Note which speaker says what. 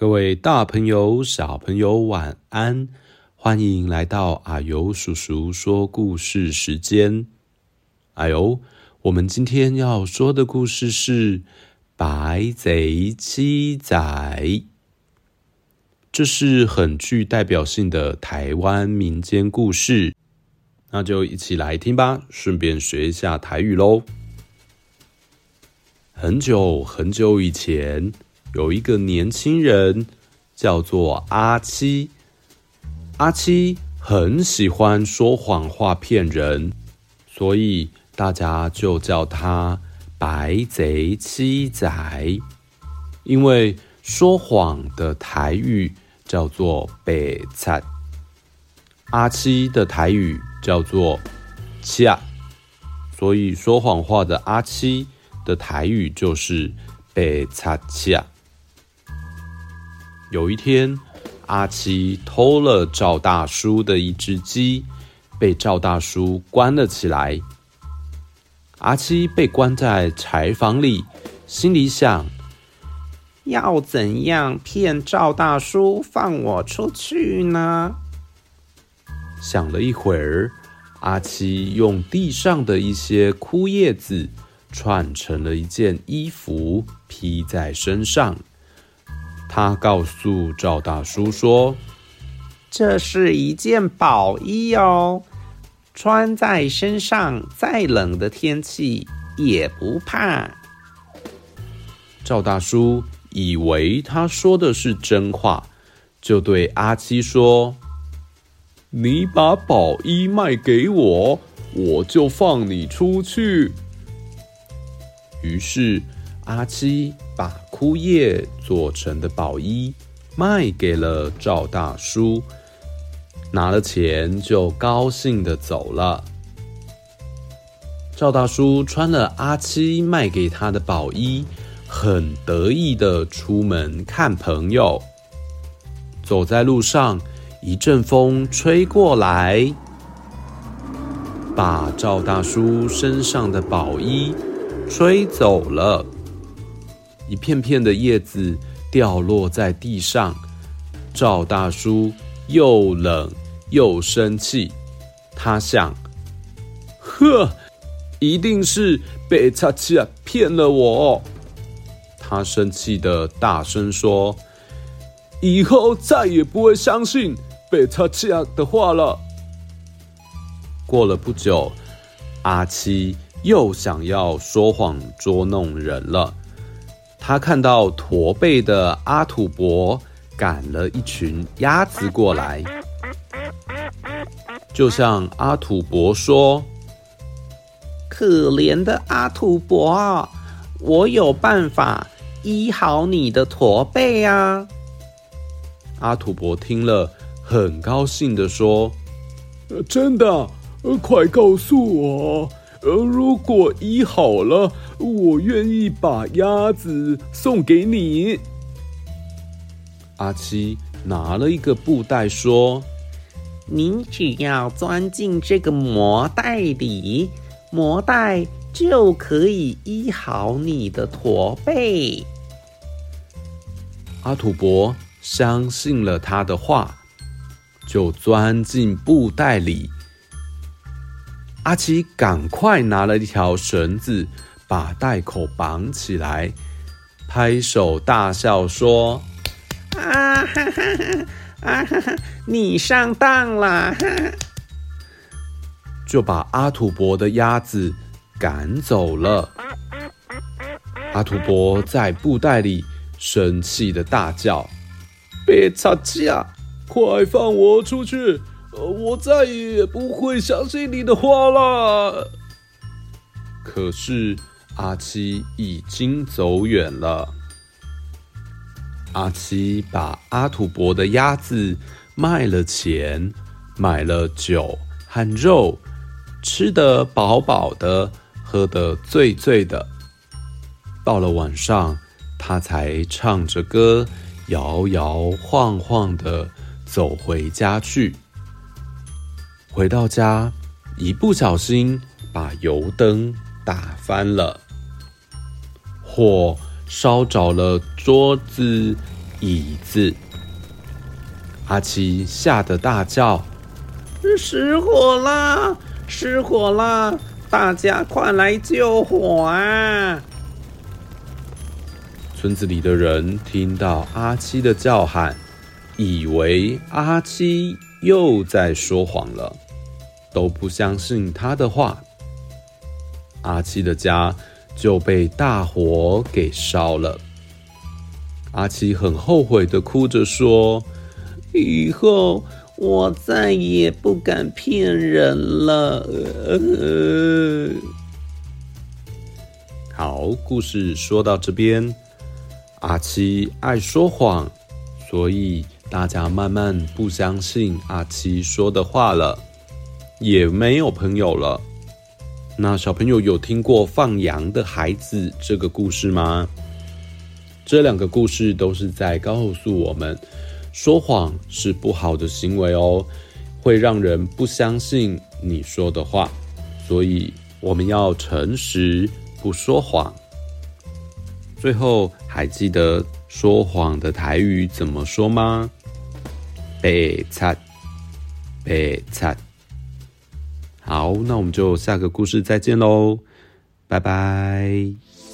Speaker 1: 各位大朋友、小朋友，晚安！歡迎來到啊呦叔叔說故事時間。啊呦，我們今天要說的故事是《白賊七仔》，這是很具代表性的台灣民間故事。那就一起來聽吧，順便學一下台語嘍。很久很久以前。有一個年輕人，叫做阿七。阿七很喜歡說謊話騙人，所以大家就叫他“白賊七仔”。因為說謊的台語叫做“白賊”，阿七的台語叫做“七啊”，所以說謊話的阿七的台語就是“白賊七啊”。有一天，阿七偷了趙大叔的一隻雞，被趙大叔關了起來。阿七被關在柴房裡，心裡想：要怎樣騙趙大叔放我出去呢？想了一會兒，阿七用地上的一些枯葉子串成了一件衣服，披在身上。他告訴趙大叔說：“這是一件寶衣哦，穿在身上再冷的天氣也不怕。”趙大叔以為他說的是真話，就對阿七說：“你把寶衣賣給我，我就放你出去。”於是，阿七把枯葉做成的寶衣賣給了趙大叔，拿了錢就高興的走了。趙大叔穿了阿七賣給他的寶衣，很得意的出門看朋友。走在路上，一陣風吹過來，把趙大叔身上的寶衣吹走了。一片片的葉子掉落在地上。趙大叔又冷又生氣，他想：“呵，一定是白賊七仔騙了我哦。”他生氣的大聲說：“以後再也不會相信白賊七仔的話了。”過了不久，阿七又想要說謊捉弄人了。他看到駝背的阿土伯趕了一群鴨子過來，就向阿土伯說：“可憐的阿土伯，我有辦法醫好你的駝背啊！”阿土伯聽了很高興地說：“真的，快告訴我！”而如果醫好了，我願意把鴨子送給你。阿七拿了一個布袋，說：“您只要鑽進這個魔袋裡，魔袋就可以醫好你的駝背。”阿土伯相信了他的話，就鑽進布袋裡。阿七趕快拿了一條繩子，把袋口綁起來，拍手大笑說：“啊哈哈，啊哈哈，你上當了！”哈哈就把阿土伯的鴨子趕走了。阿土伯在布袋裡生氣的大叫：“別吵架，快放我出去！”我再也不會相信你的話了。可是阿七已經走遠了。阿七把阿土伯的鴨子賣了錢，買了酒和肉，吃得飽飽的，喝得醉醉的。到了晚上，他才唱着歌，搖搖晃晃的走回家去。回到家，一不小心把油燈打翻了，火燒着了桌子、椅子。阿七嚇得大叫：“失火啦！失火啦！大家快來救火啊！”村子裡的人聽到阿七的叫喊，以為阿七又在說謊了。都不相信他的話，阿七的家就被大火給燒了。阿七很後悔的哭着說：“以後我再也不敢騙人了。 ”好，故事說到這邊，阿七愛說謊，所以大家慢慢不相信阿七說的話了。也沒有朋友了。那小朋友有聽過放羊的孩子這個故事嗎？這兩個故事都是在告訴我們，說謊是不好的行為哦，會讓人不相信你說的話，所以我們要誠實，不說謊。最後，還記得說謊的台語怎麼說嗎？白賊，白賊。好，那我們就下個故事再見嘍，拜拜。